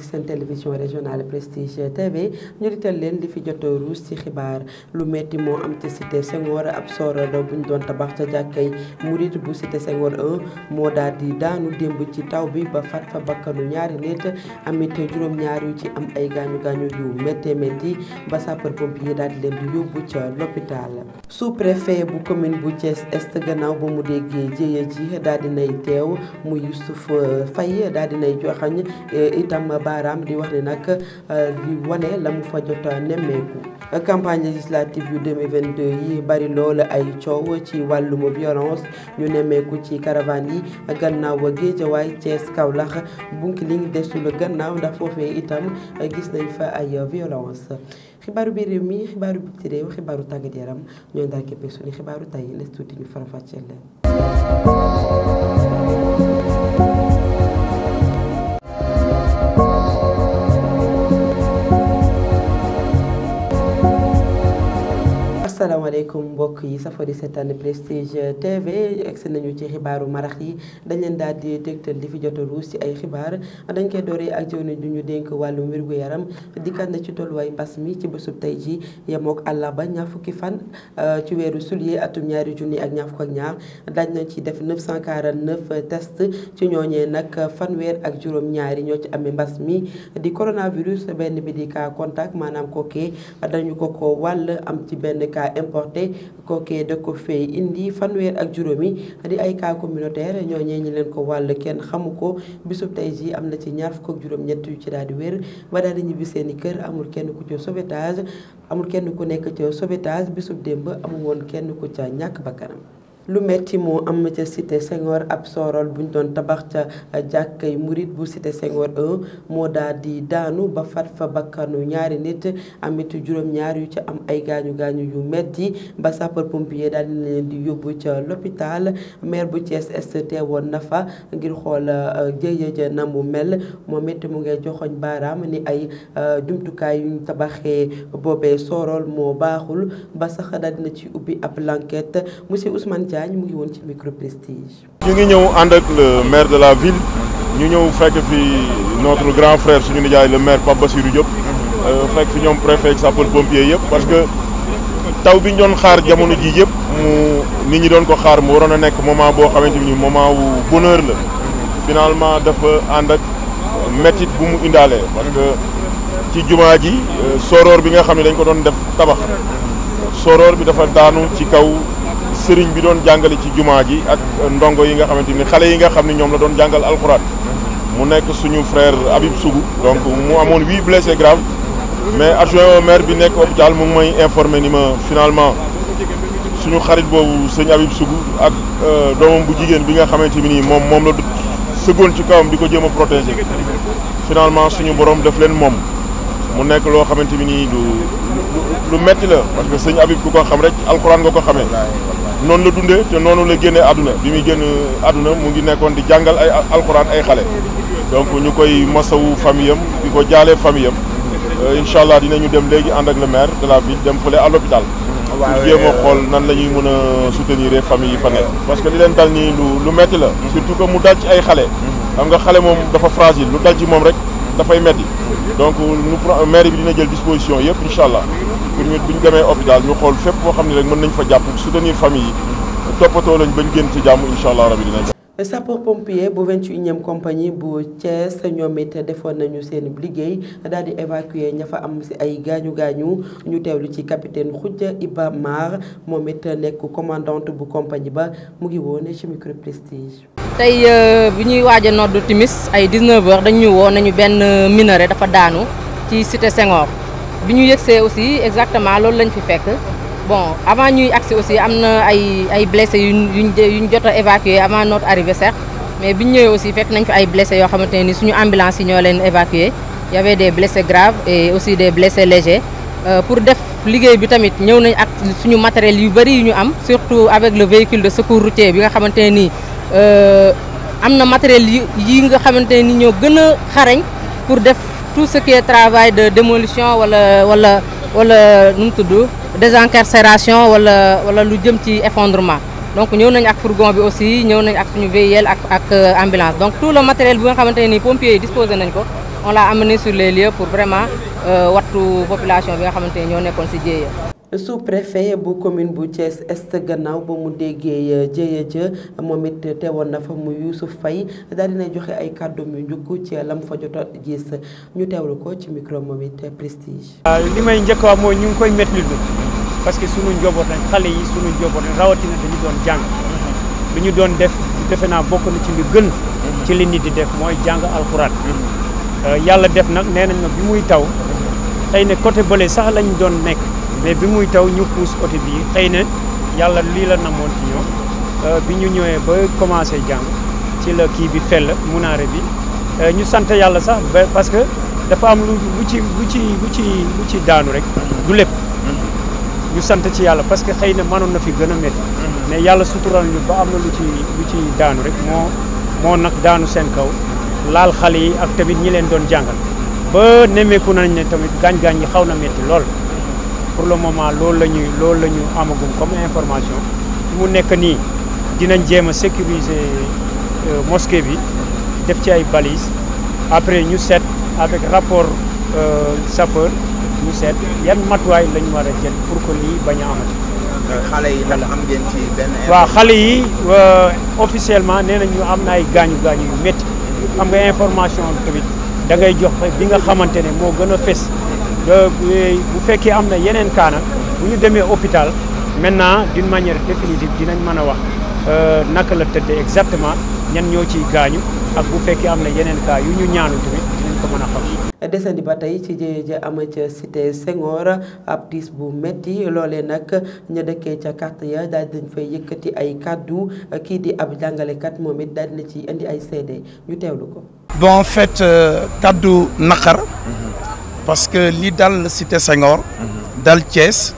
ci seen télévision régionale Prestige TV ñu dital leen li fi jot ruus ci xibaar lu metti moo am ci cité Senghor ab sorado buñ doon tabax ca jàkkay murit bu cité Senghor 1 moo daal di daanu démb ci taw bi ba fat fa bakkanu ñaari nit amit juróom-ñaar ci am ay gaañu gaañu yu méttee métti ba sapeur yi daal di leen di yóbbu ca l'hôpital sous-préfet bu commune bu Thiès Est gannaaw ba mu déggee jéye ji daal dinay teew mu Youssouf Faye daal dinay joxañ itam baaraam di wax ne nag euh, di wane lamu mu fa jot nemmeeku campagne législative yu yi bari lool ay coow ci wàllum violence ñu nemmeeku ci caravane yi gannaaw Guédiawaye Thiès Kaolack Bounkiling desul gannaaw ndax foofee itam gis nañ fa ay violence xibaaru biir réew mi xibaaru biti réew xibaaru tàggat yaram ñooy ndaal képp suñu xibaaru tay les tuuti ñu faram-fàcceel asalaamaaleykum mbokk yi safoo di seetaan Prestige TV egsi nañu ci xibaaru marax yi dañ leen daal di tegtal di fi jot a ruus ci ay xibaar dañ koy door ak jëwriñ ñu dénk wàllum wérgu yaram dikkaat na ci tolluwaay mbas mi ci bésub tey ji yemook àllarba ñaar fukki fan euh, ci weeru juillet atum ñaari junni ak ñaar fukk ak dañ nañ ci def 949 test ci ñooñee nag fanweer ak juróom ñaari ñoo ci amee mbas mi di coronavirus benn bi di ka contact maanaam kookee dañu ko ko wàll am ci benn cas important rapporté kookee da ko fay indi fanweer ak juróomi di ay kaa communautaire ñooñee ñi leen ko wàll kenn xamu ko bisub tey jii am na ci ñaar fukk ak juróom ñett yu ci daal di wér ba daal di ñibbi seeni kër amul kenn ku ci sauvetage amul kenn ku nekk ci sauvetage bisub démb amul woon kenn ku ca ñàkk bakkanam lu metti moo am ca cité Senghor ab sorol buñ doon tabax ca jàkkay murit bu cité Senghor 1 moo daal di daanu ba fat fa bakkanu ñaari nit amit juróom-ñaar yu ca am ay gaañu gaañu yu metti ba sapeur pompier daal di leen di yóbbu ca l'hôpital maire bu Thiès Est teewoon na fa ngir xool jëye ja na mu mel moom it mu ngay joxoñ baaraam ni ay jumtukaay yuñ tabaxee boobee sorol moo baaxul ba sax daal dina ci ubbi ab l'enquête monsieur Ousmane Dia Diagne mu ngi woon ci micro prestige. ñu ngi ñëw ànd ak le maire de la ville ñu ñëw fekk fi notre grand frère suñu nijaay le maire Pape Bassirou Diop euh, fekk fi ñoom préfet sapeur pompier yëpp parce que taw bi ñu doon xaar jamono ji yëpp mu nit ñi doon ko xaar mu waroon a nekk moment boo xamante ni moment wu bonheur la finalement dafa ànd ak métit bu mu indaalee parce que ci jumaa ji euh, soroor bi nga xam ne dañ ko doon def tabax soroor bi dafa daanu ci kaw sëriñ bi doon jàngale ci jumaa ji ak ndongo yi nga xamante ni xale yi nga xam ne ñoom la doon jàngal alxuraan mu nekk suñu frère Habib Sougou donc mu amoon huit blessés graves mais adjoint au bi nekk hôpital mu ngi may informé ni ma finalement suñu xarit boobu sëñ Habib Sougou ak euh, doomam bu jigéen bi nga xamante ni nii moom moom la du sëggoon ci kawam di ko jéem a protéger finalement suñu borom daf leen moom mu nekk loo xamante ni nii du lu metti la parce que sëñ abi ku ko xam rek alxuraan nga ko xamee noonu la dundee te noonu la génnee àdduna bi muy génn àdduna mu ngi nekkoon di jàngal ay alxuraan ay xale donc ñu koy masawu famille am di ko jaalee famille am euh, incha allah ñu dem léegi ànd ak le maire de la ville dem fële à l'hôpital pour jéem xool nan la ñuy mën a soutenir famille yi fa nekk parce que li leen dal nii lu lu metti la surtout que mu dal ay xale xam nga xale moom dafa fragile lu dal moom rek dafay metti donc nu maire bi dina jël disposition yëpp incha allah pour ñu bu ñu demee hôpital ñu xool fépp foo xam ne rek mën nañ fa jàpp soutenir famille yi toppatoo lañ bañ génn ci jàmm incha allah rabi dinañ sapeur pompier bu 21e compagnie bu Thiès ñoom it defoon nañu seen liggéey daal di évacuer ña fa am si ay gaañu gaañu ñu teewlu ci capitaine Khoudia Iba Mar moom it nekk commandante bu compagnie ba mu ngi woone ci micro prestige. tey euh, bi ñuy waaja a noddu timis ay 19h dañ ñu woo nañu benn minaret dafa daanu ci cité Senghor. bi ñu yëgsee aussi exactement loolu lañ fi fekk bon avant ñuy agsi aussi am na ay ay blessés yuñ yuñ yuñ jot a évacué avant notre arrivée certes mais bi ñu ñëwee aussi fekk nañ fi ay blessés yoo xamante ne ni suñu ambulance yi ñoo leen évacué y des blessés graves et aussi des blessés légers euh, pour def liggéey bi tamit ñëw nañ ak suñu matériel yu bëri yu ñu am surtout avec le véhicule de secours routier bi nga xamante ne nii euh, am na matériel yi yi nga xamante ne ni ñoo gën a xarañ pour def tout ce qui est travail de démolition wala wala wala nu mu tudd désencarcération wala wala lu jëm ci effondrement donc ñëw nañ ak fourgon bi aussi ñëw nañ ak suñu véhicule ak ak euh, ambulance donc tout le matériel bi nga xamante ne nii pompiers yi disposé nañ ko on l'a amené sur les lieux pour vraiment euh, wattu population bi nga xamante ne ñoo nekkoon si jéeya su préfet bu commune bu Thiès Est gannaaw ba mu déggee euh, jëye jë moom it teewoon na fa mu Youssouf Faye daal dina joxe ay kàddu yu njukk ci lam fa jot a gis ñu teewlu ko ci micro moom it prestige. li may njëkk a mooy ñu ngi koy métti parce que sunu njaboot lañ xale yi sunu njaboot lañ rawatina dañu doon jàng. lu ñu doon def defe naa bokk na ci lu gën. ci li nit di def mooy jàng alxuraan. Mm-hmm. Euh, yàlla def nag nee nañ ma bi muy taw. xëy na côté bële sax lañ doon nekk. mais bi muy taw ñu puus oto bi xëy ne yàlla lii la namoon ci ñoom euh, bi ñu ñëwee ba commencé jàng ci la kii bi fell munaare bi euh, ñu sant yàlla sax ba parce que dafa am lu ci lu ci lu ci ci daanu rek du lépp ñu sant ci yàlla parce que xëy na mënoon na fi gën a métti mais yàlla sutural ñu ba am na lu ci lu ci daanu rek moo moo nag daanu seen kaw laal xale yi ak tamit ñi leen doon jàngal ba nemmeeku nañ ne tamit gaañ-gaañ yi xaw na métti lool pour le moment loolu la ñuy loolu la ñu amagum comme information mu nekk nii dinañ jéem a sécuriser euh, mosquée bi def ci ay balises après ñu seet avec rapport euh, sapeur ñu seet yan matuwaay lañu ñu war a jël pour que lii bañ a amati. Euh, yi lan am ngeen waaw xale yi officiellement nee nañ am na ay gaañu gaañu yu métti. am nga information tamit dangay ngay jox bi nga xamante ne moo gën a fës. Eh, bu fekkee am na yeneen cas nag bu ñu demee hôpital maintenant d'une manière définitive dinañ mën a wax euh, naka la tëddee exactement ñan ñoo ciy gaañu ak bu fekkee am na yeneen cas yu ñu ñaanu tamit dinañ ko mën xam. desandi ba tey ci jëye ja ama ca cité Senghor ab tiis bu metti loolee nag ña dëkkee ca carte ya daal dañ fay yëkkati ay kàddu kii di ab jàngalekat moom it daal dina ci indi ay seede ñu teewlu ko. bon en euh, kàddu naqar. parce que li dal Cité sengoor dal Thiès.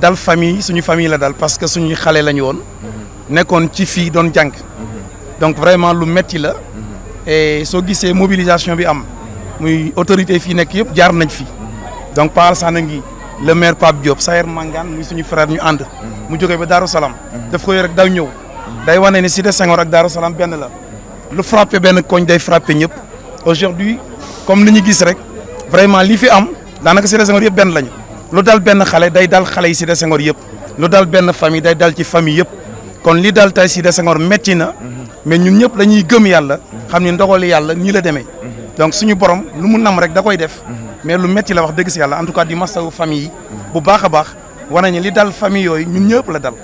dal famille suñu famille la daal parce que suñu xale lañu woon. nekkoon ci fii doon jàng. donc vraiment lu metti la. et soo gisee mobilisation bi am. muy autorité fii nekk yëpp jaar nañ fi. donc Paal Sana ngi le maire Pape Diop Sayer Mangane muy suñu frère ñu ànd. mu jógee ba Darou Salaam. daf ko yor rek daw ñëw. day wane ne Cité Senghor ak Darou Salaam benn la. lu frappé benn koñ day frappé ñëpp. aujourd'hui comme ni ñu gis rek. vraiment li fi am daanaka Cité Senghor yëpp benn lañu lu dal benn xale day dal xale yi Cité Senghor yëpp lu dal benn famille day dal ci famille yëpp kon li dal tey Cité Senghor métti na mais ñun ñëpp dañuy gëm yàlla xam ni ndogal yàlla nii la demee donc suñu borom lu mu nam rek da koy def mais lu métti la wax dëgg si yàlla en tout cas di masawu famille yi bu baax a baax wane ni li dal famille yooyu ñun ñëpp la dal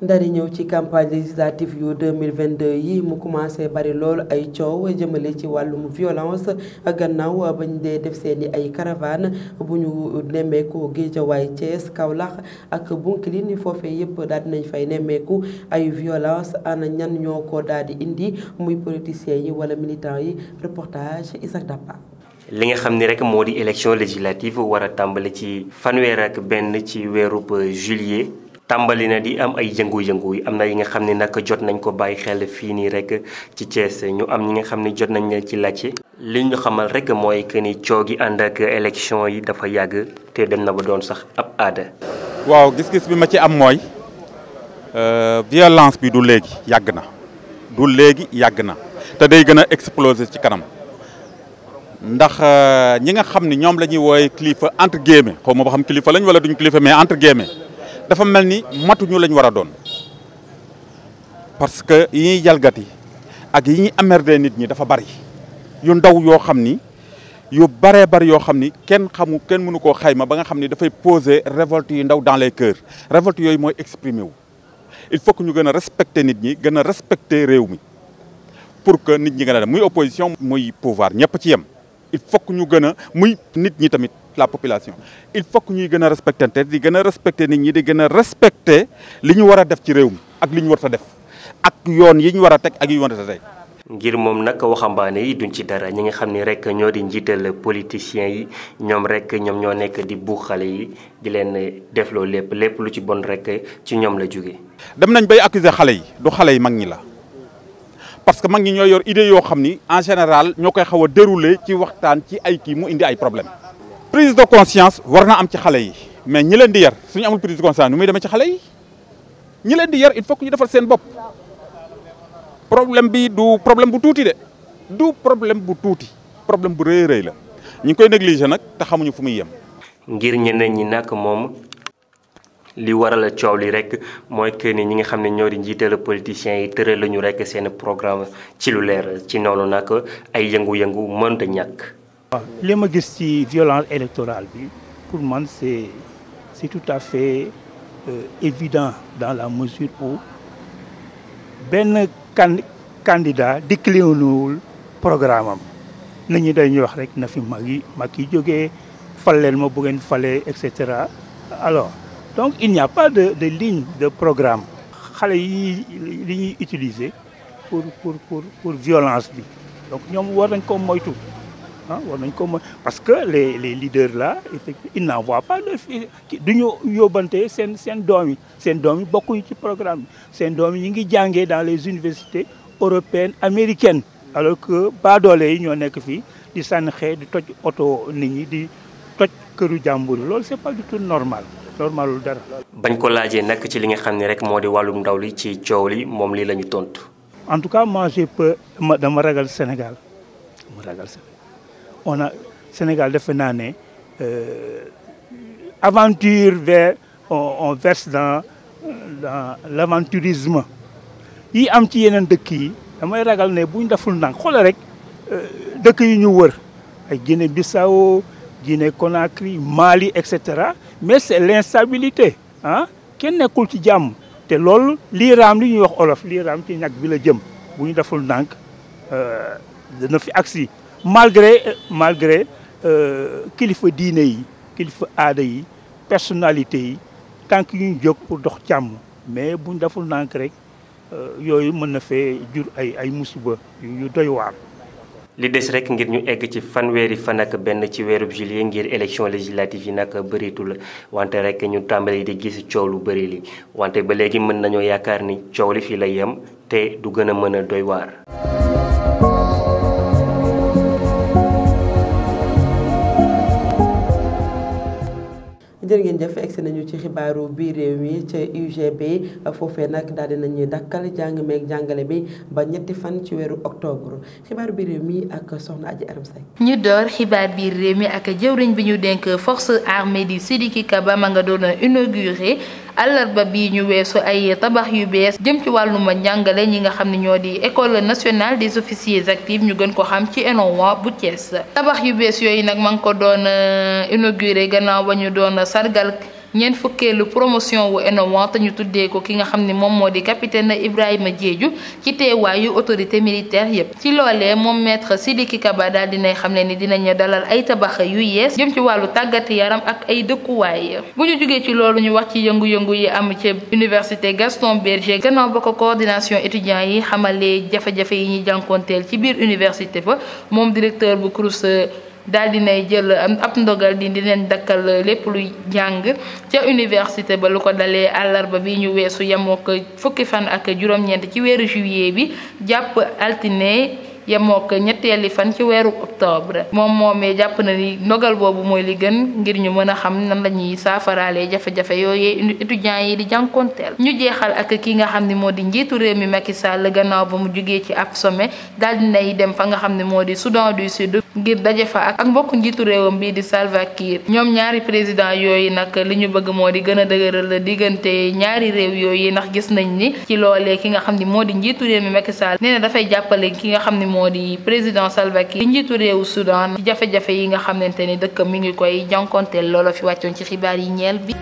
ndari ñëw ci campagne législative yu mille 2022 yi mu commencé bari lool ay coow jëmale ci wàllum violence gannaaw bañ dee def seeni ay caravane bu ñu nemmeeku Géejawaay Thiès Kaolack ak Bounkiling foofe yëpp daal dinañ fay nemmeeku ay violence ana ñan ñoo ko daal di indi muy politiciens yi wala militants yi reportage Isaac Dapa li nga xam ni rek moo di élection législative war a tàmbali ci fanweer ak benn ci weerub juillet tàmbali na di am ay yëngu-yëngu yi am na yi nga xam ni nag jot nañ ko bàyyi xel fii nii rek ci Thiès ñu am ñi nga xam ne jot nañ la ci laajte li ñu xamal rek mooy que ni coo gi ànd yi dafa yàgg te dem na ba doon sax ab aada. waaw gis-gis bi ma ci am mooy euh, violence bi du léegi yàgg na du léegi yàgg na day gën a exploser ci kanam ndax euh, ñi nga xam ne ñoom la ñuy woowee kilifa entre guillemets xaw ma ba xam kilifa lañ wala duñ kilifa mais entre guillemets. dafa mel ni matuñu lañ war a doon parce que yi ñuy jalgati ak yi ñuy amerde nit ñi dafa bari yu ndaw yoo xam ni yu baree bari yoo xam ni kenn xamu kenn mënu koo xayma ba nga xam ni dafay poser révolte yu ndaw dans les cœurs révolte yooyu mooy exprimer wu il faut ñu gën a respecter nit ñi gën a respecter réew mi pour que nit ñi gën a dem muy opposition mooy pouvoir ñëpp ci yem il faut ñu gën a muy nit ñi tamit la population il faut que ñuy gën a respecté di gën a respecté nit ñi di gën a respecté li ñu war a def ci réew mi ak li ñu war a def ak yoon yi ñu war a teg ak yi ñu war a ngir moom nag waxambaane yi duñ ci dara ñu ngi xam ni rek ñoo di njiital politiciens yi ñoom rek ñoom ñoo nekk di bu xale yi di leen def loolu lépp lépp lu ci bon rek ci ñoom la jóge dem nañ bay accuser xale yi du xale yi mag ñi la parce que mag ñi ñoo yor idée yoo xam ni en général ñoo koy xaw a dérouler ci waxtaan ci ay kii mu indi ay problème prise de conscience war na am ci xale yi mais ñi leen di yar suñu amul prise de conscience nu muy demee ci xale yi ñi leen di yar il faut que ñu defal seen bopp problème bi du problème bu tuuti de du problème bu tuuti problème bu rëy rëy la ñu koy négliger nag te xamuñu fu muy yem. ngir ñeneen ñi nag moom. li waral a coow li rek mooy que ni ñi nga xam ne ñoo di njiitala politiciens yi tëral lañu rek seen programme ci lu leer ci noonu nag ay yëngu-yëngu mënta ñàkk. waaw li ma gis ci violence électorale bi pour man c'est c'est tout à fait euh, évident dans la mesure où benn can candidat déclinéwul programme am nit ñi dañuy wax rek na fi mag yi mag yi jógee fal leen ma bu ngeen et cetera alors donc il n'y a pas de ligne de programme xale yi li ñuy utiliser pour pour pour pour violence bi donc ñoom war nañ ko moytu ah war nañ ko mën parce que les les leaders là effectivement ils n'envoient pas du ñu yóbbante seen seen doom yi seen doom yi bokkuñu ci programme seen doom yi ñu ngi jàngee dans les universités européennes américaines alors que baadoole yi ñoo nekk fii di sànni xee di toj oto nit ñi di toj këru jàmbur yi loolu c'est pas du tout normal normalul dara. bañ ko laajee nag ci li nga xam ne rek moo di wàllum ndaw li ci coow li moom lii la tontu. en tout cas moi j'ai peur dama ragal Sénégal on a Sénégal defe naa ne euh, aventure vers on, on verse dans dans yi am ci yeneen dëkk yi damay ragal ne buñ deful ndànk xoole rek euh, dëkk yi ñu wër ay Guinée Bissau Guinée Conakry Mali et cetera mais c' est l' instabilité ah kenn nekkul ci jàmm te loolu lii li ñuy wax olof lii ci ñag bi la jëm bu ñu deful ndànk euh, dana fi agsi malgré malgré euh, kilifa diine yi kilifa aada yi personnalité yi tànk yuñ ñu jóg pour dox càmm mais buñ deful nànk rek euh, yooyu mën na fee jur ay ay musiba yu doy waar. li des rek ngir ñu egg ci fanweeri fan benn ci weerub julie ngir élection législative yi nag la wante rek ñu tàmbali di gis coow lu bëri li wante ba léegi mën nañoo yaakaar ni coow li fii lay yem te du gën a mën a doy waar. jërë ngeen jëf egsi nañu ci xibaaru biir réew mi ca UGB foofe nag daal di nañu dakkal jàng meeg jàngale bi ba ñetti fan ci weeru octobre xibaaru biir réew mi ak soxna Adji Aram ñu door xibaar biir réew mi ak jëwriñ bi ñu denk force armée di Sidiki Kaba ma nga doon inauguré àllarba bii ñu weesu ay tabax yu bees jëm ci wàlluma njàngale ñi nga xam ne ñoo di école nationale des officiers actifs ñu gën ko xam ci ENOA bu Thiès tabax yu bees yooyu nag ma ngi ko doon euh, inauguré gannaaw ba ñu doon sargal ñeent fukkeelu promotion wu Enowa te ñu tuddee ko ki nga xam ni moom moo di capitaine Ibrahima Diédhiou ci teewaayu autorité militaire yépp ci loolee moom maître Sidiki Kaba daal dinay xam ne ni dinañu dalal ay tabax yu yees jëm ci wàllu tàggat yaram ak ay dëkkuwaay bu ñu jógee ci loolu ñu wax ci yëngu-yëngu yi am ci université Gaston Berger gannaaw ba ko coordination étudiants yi xamalee jafe-jafe yi ñuy jànkoonteel ci biir université ba moom directeur bu CROUS daal dinay jël ab ndogal di di leen dakkal lépp luy jàng ca université ba lu ko dalee àllarba bi ñu weesu yemoo ko fukki fan ak juróom-ñeent ci weeru juillet bi jàpp altine yemook ñetteeli fan ci weeru octobre moom moomee jàpp na ni ndogal boobu mooy li gën ngir ñu mën a xam nan la ñuy saafaraalee jafe-jafe yooyee étudiants yi di jànkonteel ñu jeexal ak kii nga xam ni moo di njiitu réew mi Macky Sall gannaaw ba mu jugee ci ab sommet daal dinay dem fa nga xam ne moo di Soudan du Sud ngir daje fa ak ak mbokk njiitu réewam bii di Salva ñoom ñaari président yooyu nag li ñu bëgg moo di gën a dëgëral diggante ñaari réew yooyu ndax gis nañ ni ci loolee ki nga xam ni moo di njiitu réew mi Macky nee na dafay jàppale moo di président Salva Kiir njiitu réewu Soudan ci jafe-jafe yi nga xamante ni dëkk mi ngi koy jànkonteel loolo fi wàccoon ci xibaar yi ñeel bi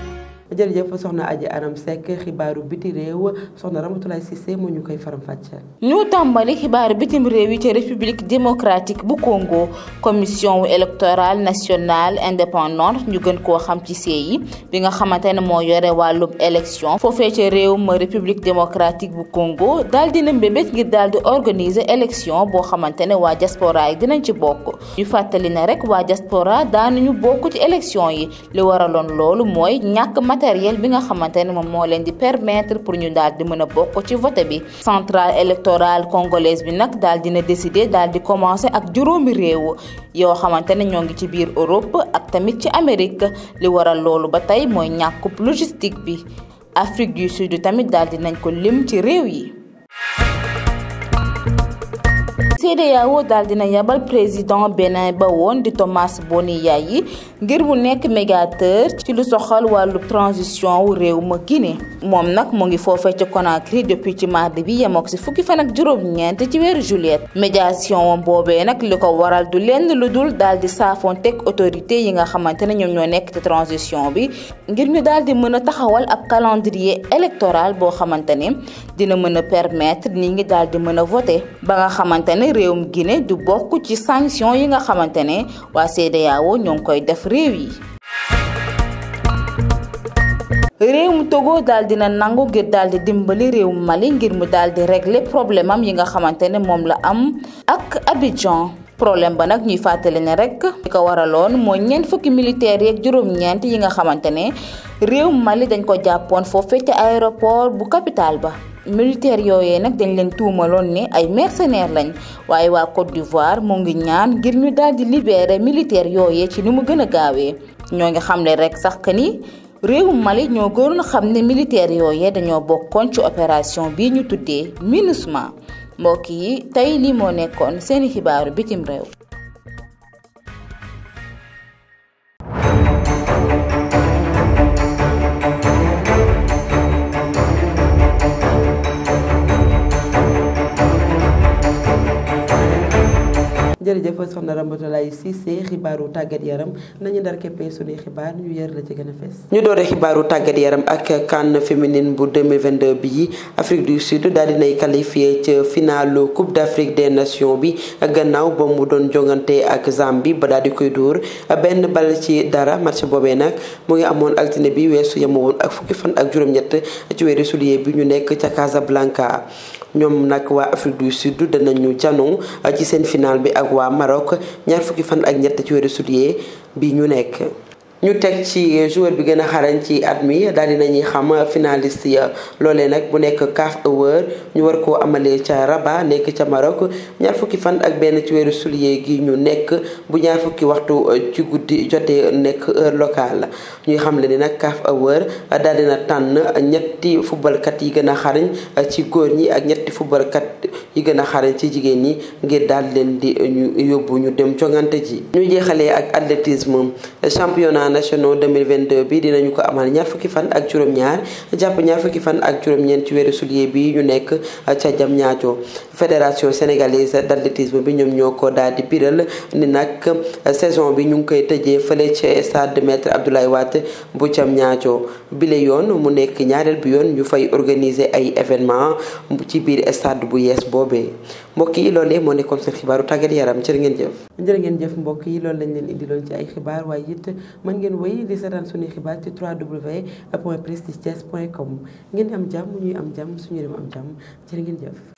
jërëjëf soxna Adji Aram Seck xibaaru biti réew soxna Ramatoulaye Cissé moo ñu koy faram-fàcceel. ñu tàmbali xibaaru bitim réew yi ca république démocratique bu Congo commission électorale nationale indépendante ñu gën koo xam ci yi bi nga xamante ne moo yore wàllum élection foofee ca réew ma république démocratique bu Congo daal dina mbébét ngir daal di organiser élection boo xamante ne waa jaspora yi dinañ ci bokk ñu fàttali na rek waa jaspora diaspora ñu bokk ci élection yi li waraloon loolu mooy ñàkk matériel bi nga xamante ne moom moo leen di permettre pour ñu daal di mën a bokk ci vote bi centrale électorale congolaise bi nag daal dina décider daal di commencer ak juróomi réew yoo xamante ne ñoo ngi ci biir Europe ak tamit ci Amérique li waral loolu ba tey mooy ñàkku logistique bi Afrique du Sud tamit daal nañ ko lim ci réew yi CEDEAO daal dina yabal président Bénin ba woon di Thomas Boni yi ngir mu nekk médiateur ci lu soxal wàllu transition wu réew ma Guinée moom nag mu ngi foofee ci Conakry depuis ci mardi bi yemook si fukki fan ak juróom-ñeent ci weeru juillet médiation woon boobee nag li ko waral du lenn lu dul daal di saafoon teg autorité yi nga xamante ne ñoom ñoo nekk ci transition bi ngir ñu daal di mën a taxawal ab calendrier électoral boo xamante ne dina mën a permettre nit ñi daal di mën a voter ba nga xamante ne réewum Guinée du bokk ci sanction yi nga xamante ne waa CEDEAO ñoo ngi koy def réew yi. mu Togo daal dina nangu ngir daal di dimbali réewum Mali ngir mu daal di régler problème am yi nga xamante ne moom la am ak Abidjan problème ba nag ñuy fàttali na rek li ko waraloon mooy ñeent fukki militaires yeeg juróom-ñeent xamante ne réewum Mali dañ ko jàppoon foofee aéroport bu capitale ba. militaire yooyee nag dañ leen tuumaloon ne ay mercenaires lañ waaye waa Côte d'Ivoire mu ngi ñaan ngir ñu daal di libérer militaire yooyee ci ni mu gën a gaawee ñoo ngi le rek sax que ni. réewum Mali ñoo na xam ne militaire yooyee dañoo bokkoon ci opération bii ñu tuddee MINUSMA mbokk yi tey lii moo nekkoon seeni xibaaru bitim réew jërëjëf soxna Ramatoulaye Cissé xibaaru tàggat yaram nañu ndar keppee sunuy xibaar ñu yër la ci gën a fees ñu doore xibaaru tàggat yaram ak CAN féminine bu 2022 bi Afrique du Sud daal dinay qualifié ci finalu Coupe d'Afrique des nation bi gannaaw ba mu doon jongante ak Zambie ba daal di koy dóor benn bal ci dara match boobee nag mu ngi amoon altine bi weesu yemoon ak fukki fan ak juróom-ñett ci weeru juillet bi ñu nekk ca Casablanca ñoom nag waa Afrique du Sud danañu janoo ci seen final bi ak waa Maroc ñaar fukki fan ak ñett ci weeru juillet bi ñu nekk. ñu teg ci joueur bi gën a xarañ ci at mi daal dinañuy xam finalist ya loolee nag bu nekk CAF Award ñu war koo amalee ca Rabat nekk ca Maroc ñaar fukki fan ak benn ci weeru juillet gi ñu nekk bu ñaa fukki waxtu uh, ci guddi jotee nekk heure locale ñuy xam le ni nag CAF Award daal dina tànn ñetti footballkat yi gën a xarañ uh, ci góor ñi ak ñetti footballkat yi gën a xarañ ci jigéen ñi ngir daal leen di ñu yóbbu ñu dem jongante ji. ñu jeexalee ak athlétisme championnat national 2022 bi dinañu ko amal ñaar fukki fan ak juróom-ñaar jàpp ñaar fukki fan ak juróom-ñeent ci weeru juillet bi ñu nekk ca jam ñaajo fédération sénégalaise d'athlétisme bi ñoom ñoo ko daal di biral ni nag saison bi ñu ngi koy tëjee fële ca stade maître Abdoulaye Wade bu cam ñaajo bile yoon mu nekk ñaareel bi yoon ñu fay organiser ay événement ci biir stade bu yees boobee mbokk yi loolee moo nekkoon seen xibaaru tàggat yaram jërë ngeen jëf. jërë ngeen jëf mbokk yi loolu lañ leen indiloon ci ay xibaar waaye it mën ngeen wéy di seetaan suñuy xibaar ci www.prestige.com ngeen am jàmm ñuy am jàmm suñu am jàmm jërë ngeen